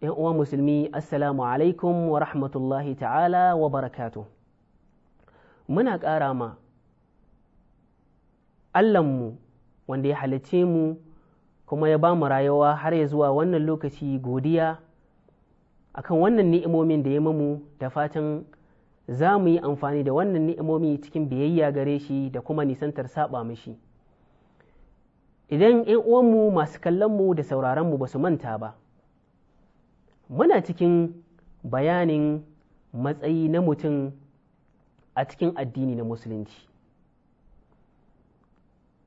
‘yan uwa musulmi assalamu alaikum wa rahmatullahi ta'ala wa barakatu muna ƙara ma Allahnmu wanda ya halicce mu kuma ya ba mu rayuwa har ya zuwa wannan lokaci godiya akan wannan ni'imomin da ya mamu da fatan za mu yi amfani da wannan ni'imomi cikin biyayya gare shi da kuma nisantar saba mishi idan ‘yan uwanmu masu kallonmu da sauraronmu ba su manta ba muna cikin bayanin matsayi na mutum a cikin addini na musulunci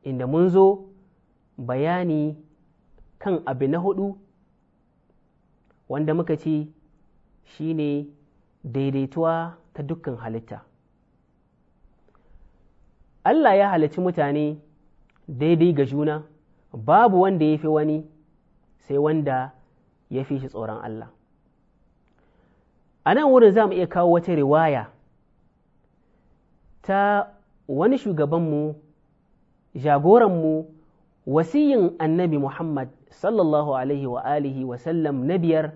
inda mun zo bayani kan abu na hudu wanda muka ce shi ne daidaituwa ta dukkan halitta Allah ya halici mutane daidai ga juna babu wanda ya fi wani sai wanda ya fi shi tsoron Allah a nan wurin za mu iya kawo wata riwaya ta wani shugabanmu jagoranmu wasiyin annabi Muhammad sallallahu alaihi wa alihi wa sallam na biyar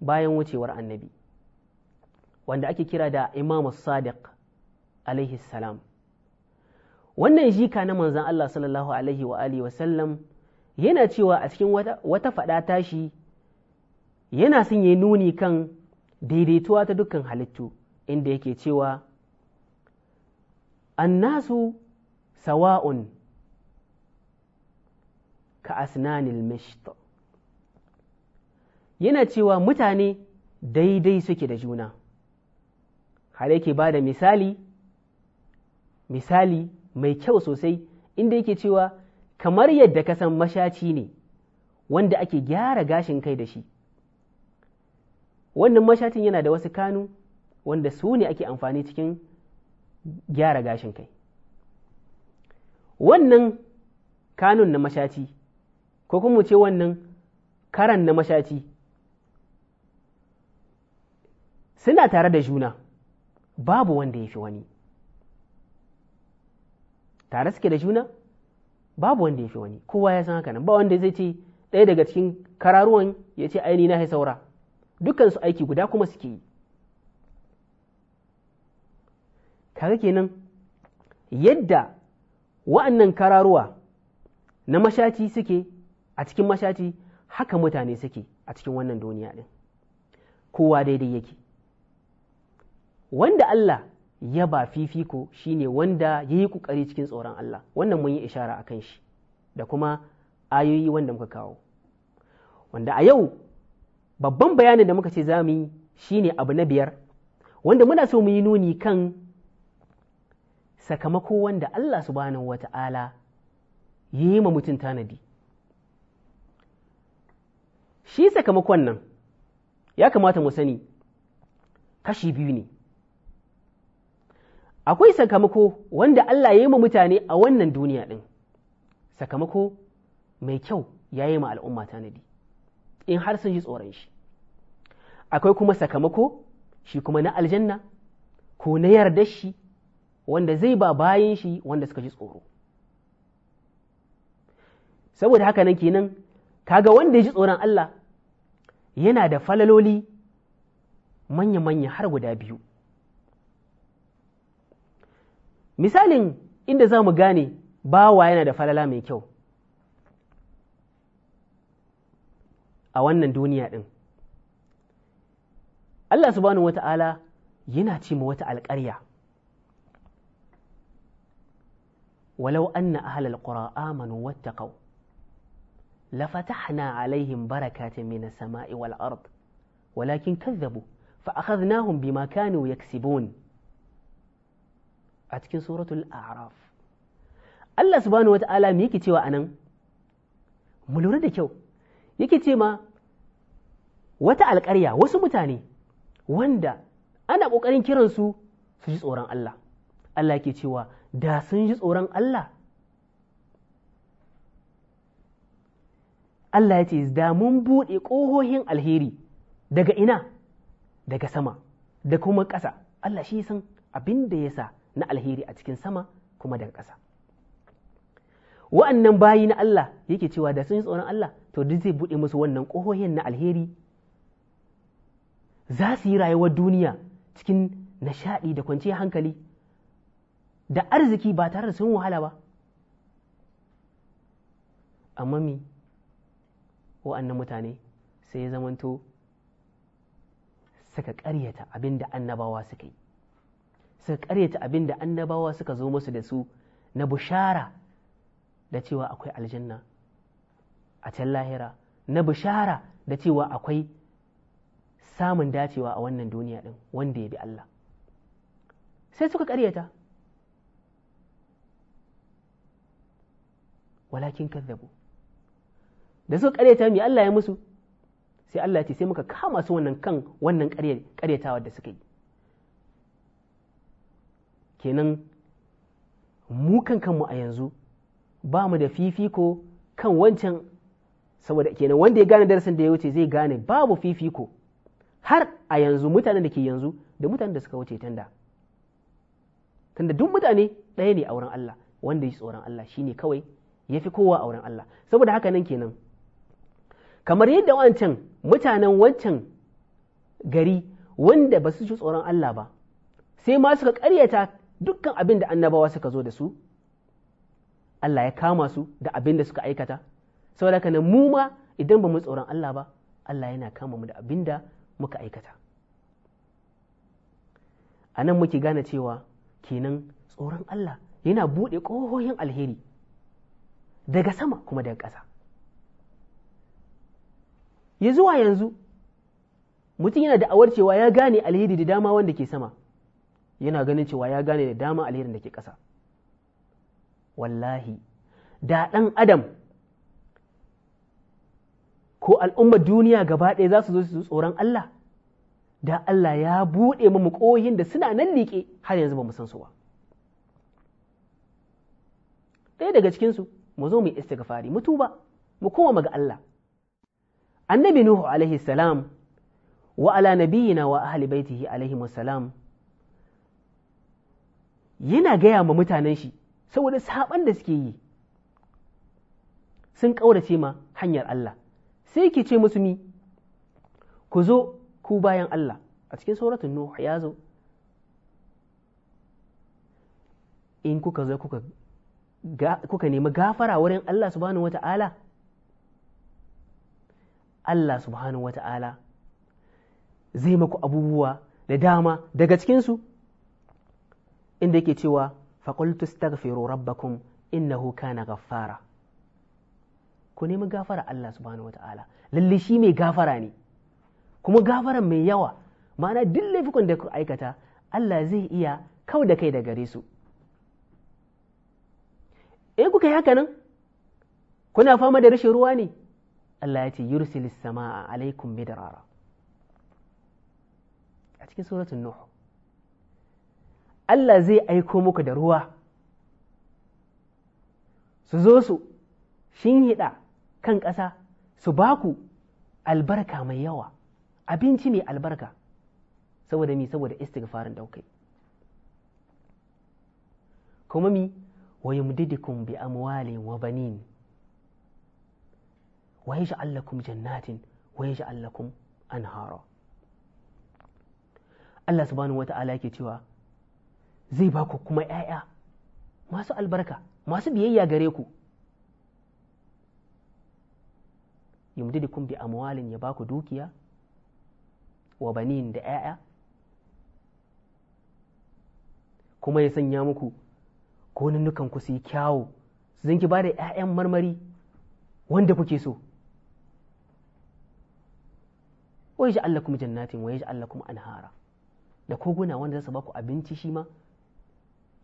bayan wucewar annabi wanda ake kira da imamu Sadiq alaihi salam wannan jika na manzan Allah sallallahu alaihi wa alihi wa sallam yana cewa a cikin wata faɗa tashi yana son ya nuni kan daidaituwa ta dukkan halittu inda yake cewa an nasu sawa'un ka asnanil misht yana cewa mutane daidai suke da juna har yake ba da misali misali mai kyau sosai inda yake cewa kamar yadda kasan mashaci ne wanda ake gyara gashin kai da shi wannan mashatin yana da wasu kanu wanda su ne ake amfani cikin gyara gashin kai wannan kanun na mashaci ko kuma ce wannan karan na mashaci suna tare da juna babu wanda ya fi wani tare suke da juna babu wanda ya fi wani kowa ya san haka nan ba wanda zai ce ɗaya daga cikin kararuwan ya ce aini na saura dukansu aiki guda kuma suke yi kaga kenan yadda wa'annan kararuwa na mashaci suke a cikin mashaci haka mutane suke a cikin wannan duniya ɗin kowa daidai yake wanda Allah ya ba fifiko shine wanda ya yi ƙoƙari cikin tsoron Allah wannan mun yi ishara a kan shi da kuma ayoyi wanda muka kawo wanda a yau babban bayanin da muka ce za mu yi shi ne abu na biyar wanda muna so mu yi nuni kan sakamako wanda Allah subhanahu wa ta'ala ya yi ma mutum tanadi shi sakamakon nan ya kamata mu sani kashi biyu ne akwai sakamako wanda Allah ya yi ma mutane a wannan duniya ɗin sakamako mai kyau ya yi ma al'umma tanadi in har sun ji tsoron shi akwai kuma sakamako shi kuma na aljanna ko na yarda shi wanda zai ba bayan shi wanda suka ji tsoro saboda haka nan kenan kaga wanda ya ji tsoron Allah yana da falaloli manya-manya har guda biyu misalin inda za mu gane bawa yana da falala mai kyau a wannan duniya ɗin Allah subhanahu Ta'ala yana ce ma wata alƙarya walau anna ahlal qura amanu wattaqaw lafatahna alaihim barakatin minas sama'i wal ard walakin kazzabu fa akhadnahum bima kanu yaksibun a cikin suratul a'raf Allah subhanahu wata'ala me yake cewa anan mu lura da kyau yake ce ma wata alƙarya wasu mutane wanda ana ƙoƙarin kiransu su ji tsoron Allah Allah ke cewa da sun ji tsoron Allah Allah ya ce da mun buɗe ƙohohin alheri daga ina daga sama da kuma ƙasa Allah shi san abin da ya sa na alheri a cikin sama kuma daga ƙasa wa'annan bayi na Allah yake cewa da sun yi tsoron Allah to duk zai buɗe musu wannan ƙohohin na alheri za su yi rayuwar duniya cikin nishaɗi da kwanciyar hankali da arziki ba tare da sun wahala ba amma mi wa'annan mutane sai ya zamanto suka ƙaryata abin da annabawa suka yi suka ƙaryata abin da annabawa suka zo musu da su na bushara da cewa akwai aljanna a can lahira na bishara da cewa akwai samun dacewa a wannan duniya ɗin wanda ya bi Allah sai suka ƙaryata walakin kazzabu da suka ƙaryata mai Allah ya musu sai Allah ce sai muka kama su wannan kan wannan ƙaryatawa da suka yi kenan mu kan kanmu a yanzu ba mu da fifiko kan wancan saboda kenan wanda ya gane darasin da ya wuce zai gane babu fifiko har a yanzu mutanen da ke yanzu da mutanen da suka wuce tanda tunda duk mutane ɗaya ne a wurin Allah wanda ya tsoron Allah shine kawai ya fi kowa a wurin Allah saboda haka nan kenan kamar yadda wancan mutanen wancan gari wanda ba su ci tsoron Allah ba sai ma suka karyata dukkan abin da annabawa suka zo da su Allah ya kama su da abin da suka aikata saboda haka nan mu ma idan ba mu tsoron Allah ba Allah yana kama mu da abin da muka aikata a nan muke gane cewa kenan tsoron Allah yana buɗe ƙohohin alheri daga sama kuma daga ƙasa ya zuwa yanzu mutum yana da'awar cewa ya gane alheri da dama wanda ke sama yana ganin cewa ya gane da dama alherin da ke ƙasa wallahi da ɗan adam ko al'ummar duniya gaba ɗaya za su zo su tsoron Allah da Allah ya buɗe mu ƙoyin da suna nan liƙe har yanzu ba mu san su ba ɗaya daga cikinsu mu zo mu yi istighfari mutu ba, mu koma ga Allah annabi nuhu alaihi salam wa ala nabiyina wa ahli baitihi alaihi salam yana gaya ma mutanen shi saboda saɓan da suke yi sun ƙaurace ma hanyar Allah sai ke ce musu ni ku zo ku bayan Allah a cikin sauratun Nuh ya zo in kuka zo kuka kuka nemi gafara wurin Allah subhanahu wata'ala Allah subhanahu wata'ala zai maku abubuwa da dama daga cikinsu inda yake cewa faƙultu staghfiru rabbakum innahu kana ghaffara ku nemi gafara Allah subhanahu wataala lalle shi mai gafara ne kuma gafara mai yawa ma'ana duk laifukan da ku aikata Allah zai iya kau da kai da gare su eh kuka yi haka nan kuna fama da rashin ruwa ne Allah ya ce yursilis sama'a alaikum midrara a cikin suratun nuh Allah zai aiko muku da ruwa su zo su shinhiɗa kan ƙasa su ba ku albarka mai yawa abinci mai albarka saboda mi saboda istighfarin daukai kuma mi wa yumdidukum bi amwali wa banin wa yaj'al lakum jannatin wa yaj'al lakum anhara Allah subhanahu wata'ala yake cewa zai ba ku kuma ‘ya'ya masu albarka masu biyayya gare ku kun bi amwalin ya ba ku dukiya wa banin da ‘ya'ya kuma ya sanya muku gonunukan ku su yi kyawo su zanki ba da ‘ya'yan marmari wanda kuke so wa ya ji Allah kuma jannatin wa ya ji Allah kuma anhara da koguna wanda za su ba ku abinci shi ma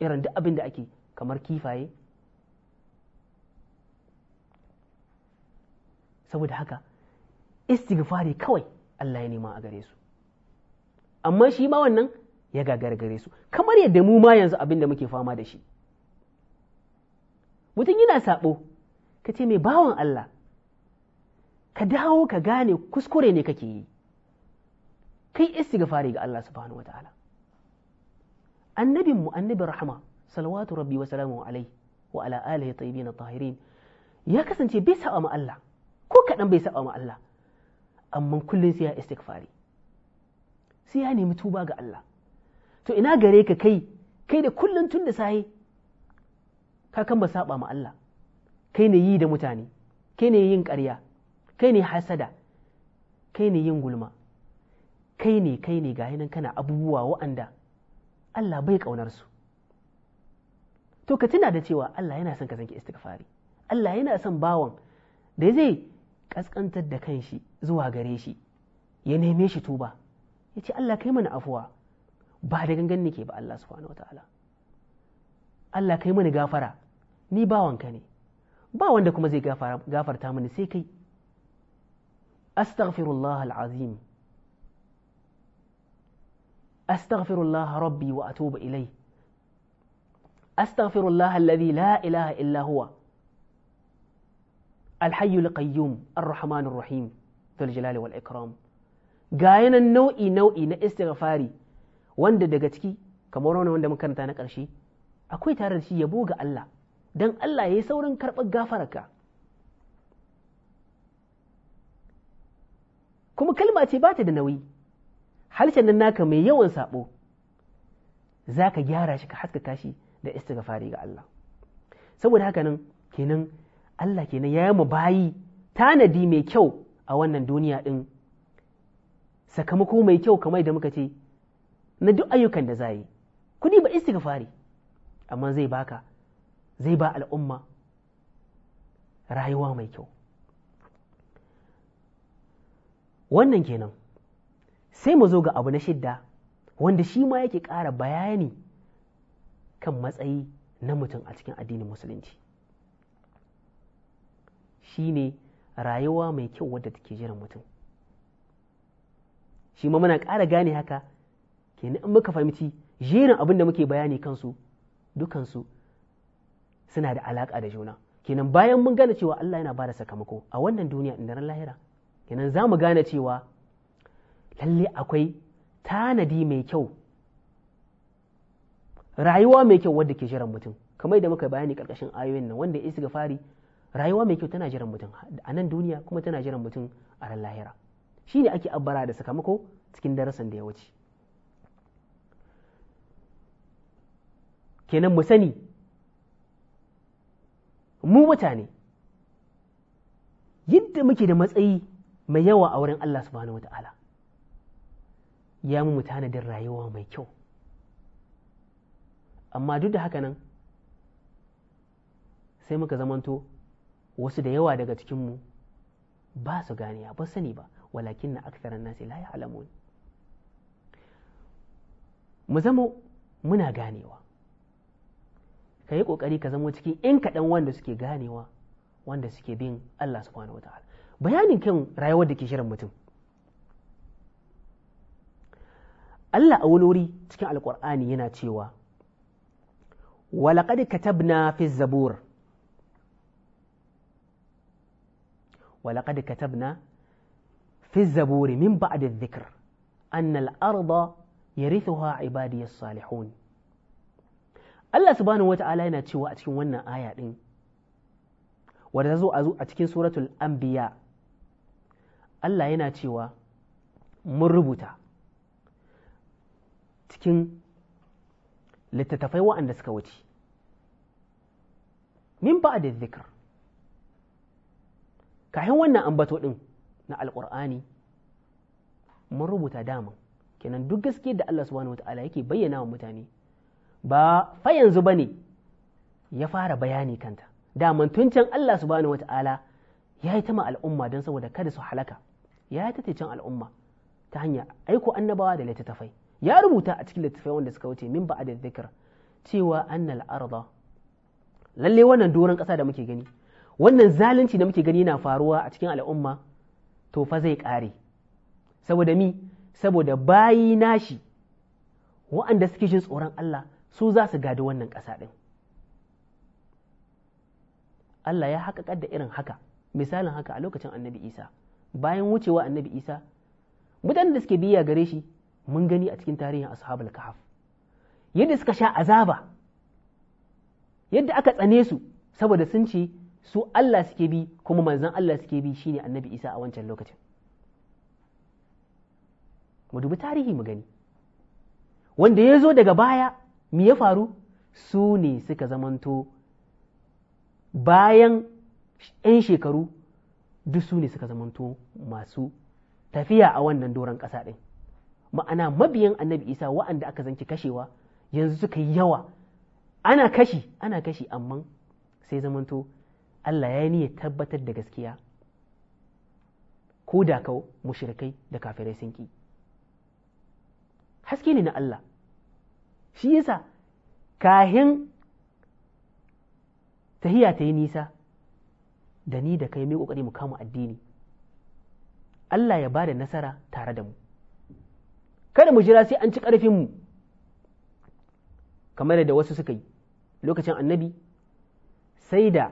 irin duk abin da ake kamar kifaye saboda haka istighfari kawai Allah ya nema a gare su amma shi ma wannan ya gagara gare su kamar yadda mu ma yanzu abin da muke fama da shi mutum yana saɓo ka ce mai bawan Allah ka dawo ka gane kuskure ne kake yi kai istighfari ga Allah subhanahu wataala annabin mu annabi rahama salawatu rabbi wa salamu alai wa ala alihi tayyibin tahirin ya kasance bai saba ma Allah ko kadan bai saba ma Allah amma kullun sai ya istighfari sai ya nemi tuba ga Allah to ina gare ka kai kai da kullun tun da sai ka kan ba saba ma Allah kai ne yi da mutane kai ne yin ƙarya kai ne hasada kai ne yin gulma kai ne kai ne gahi nan kana abubuwa wa'anda Allah bai kaunar su to ka tuna da cewa Allah yana son ka zanki istighfari Allah yana son bawan da zai ƙasƙantar da kanshi zuwa gare shi ya neme shi tuba ya ce Allah kai mana afuwa ba da gangan nake ba Allah subhanahu wataala Allah kai mana gafara ni bawanka ne ba wanda kuma zai gafarta mini sai kai astaghfirullah al-azim. astaghfirullah rabbi wa atubu ilai astaghfirullah alladhi la ilaha illa huwa alhayyul qayyum arrahmanur rahim dhul jalali wal ikram ga nau'i nau'i na istighfari wanda daga ciki kamar wani wanda muka karanta na ƙarshe akwai tare da shi ya buga Allah dan Allah ya yi saurin karɓar gafararka kuma kalma ce bata da nauyi harshen nan naka mai yawan sabo za ka gyara shi ka haskaka shi da istighfari ga Allah saboda haka nan kenan Allah kenan ya yi mu bayi tanadi mai kyau a wannan duniya ɗin. sakamako mai kyau kamar da muka ce na duk ayyukan da za yi kudi ba istighfari amma zai baka zai ba al'umma rayuwa mai kyau wannan kenan sai mu zo ga abu na shidda wanda shi ma yake ƙara bayani kan matsayi na mutum a cikin addinin musulunci shi ne rayuwa mai kyau wadda take jiran mutum shi ma muna ƙara gane haka kenan in muka fahimci jerin abin da muke bayani kansu dukansu suna da alaƙa da juna kenan bayan mun gane cewa Allah yana ba da sakamako a wannan duniya da ran lahira kenan za mu gane cewa lalle akwai tanadi mai kyau rayuwa mai kyau wadda ke jiran mutum kamar da muka bayani karkashin ayoyin nan wanda ya isa fari rayuwa mai kyau tana jiran mutum a nan duniya kuma tana jiran mutum a ran lahira shi ne ake abbara da sakamako cikin darasin da ya wuce kenan mu sani mu mutane yadda muke da matsayi mai yawa a wurin Allah subhanahu wata'ala ya mu tanadin rayuwa mai kyau amma duk da haka nan sai muka zamanto wasu da yawa daga cikinmu ba su ganiya ba sani ba walakin na aksarar nasi la ya alamun mu zama muna ganewa ka yi ƙoƙari ka zama cikin 'yan kaɗan wanda suke ganewa wanda suke bin Allah subhanahu wa ta'ala bayanin kan rayuwar da ke shirin mutum Allah a wuri cikin Alƙur'ani yana cewa walaƙad katabna fi zabur walaƙad katabna fi zaburi min ba'd adh-dhikr anna al-arda yarithuha salihun Allah subhanahu wata'ala yana cewa a cikin wannan aya ɗin wanda ta zo a cikin suratul anbiya Allah yana cewa mun rubuta cikin littattafai wa'anda suka wuce min ba da zikir kayan wannan ambato ɗin na alƙur'ani mun rubuta daman, kenan duk gaske da Allah subhanahu wata'ala yake bayyana wa mutane ba fa yanzu ba ne ya fara bayani kanta daman tun can Allah subhanahu wata'ala ya yi tama al'umma don saboda kada su halaka ya yi ta al'umma ta hanyar aiko annabawa da littattafai ya rubuta a cikin littafai wanda suka wuce min ba'ad dhikr cewa annal arda lalle wannan doron ƙasa da muke gani wannan zalunci da muke gani yana faruwa a cikin al'umma to fa zai ƙare saboda mi saboda bayi nashi wa'anda suke jin tsoron Allah su za su gadi wannan ƙasa ɗin Allah ya haƙaƙar da irin haka misalin haka a lokacin annabi Isa bayan wucewa annabi Isa mutanen da suke biya gare shi mun gani a cikin tarihin ashabul kahf yadda suka sha azaba yadda aka tsane su saboda sun ce su Allah suke bi kuma manzon Allah suke bi shine annabi Isa a wancan lokacin mu dubi tarihi mu gani wanda ya zo daga baya me ya faru su ne suka zamanto bayan 'yan shekaru duk su ne suka zamanto masu tafiya a wannan doron ƙasa ɗin ma'ana mabiyan annabi isa wa'anda aka zanci kashewa yanzu suka yi yawa ana kashi ana kashi amma sai zamanto Allah ya niyyar tabbatar da gaskiya ko da kawo mushrikai da kafirai sun ki haske ne na Allah shi yasa kahin tahiya ta yi nisa da ni da kai mai kokari mu kama addini Allah ya ba da nasara tare da mu kada mu jira sai an ci ƙarfinmu kamar da wasu suka yi lokacin annabi sai da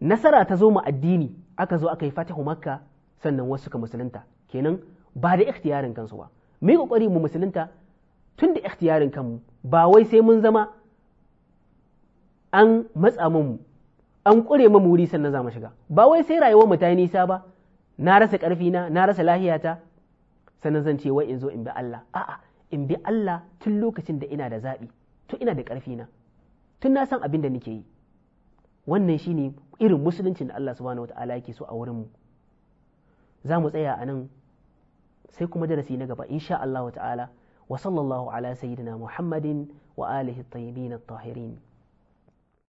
nasara ta zo mu addini aka zo aka yi fatihu makka sannan wasu suka musulunta kenan ba da ikhtiyarin kansu ba mu kokari mu musulunta tun da ikhtiyarin kanmu ba wai sai mun zama an matsa mu an kure mu wuri sannan za mu shiga ba wai sai rayuwar mu ta yi nisa ba na rasa ƙarfina na rasa lahiyata sannan zan ce wai in zo in bi Allah a'a in bi Allah tun lokacin da ina da zaɓi tun ina da ƙarfi na tun na san abin da nake yi wannan shine irin musuluncin da Allah subhanahu wata'ala yake so a wurin mu za mu tsaya a nan sai kuma darasi na gaba insha Allah ta'ala wa sallallahu ala sayyidina Muhammadin wa alihi tayyibin at-tahirin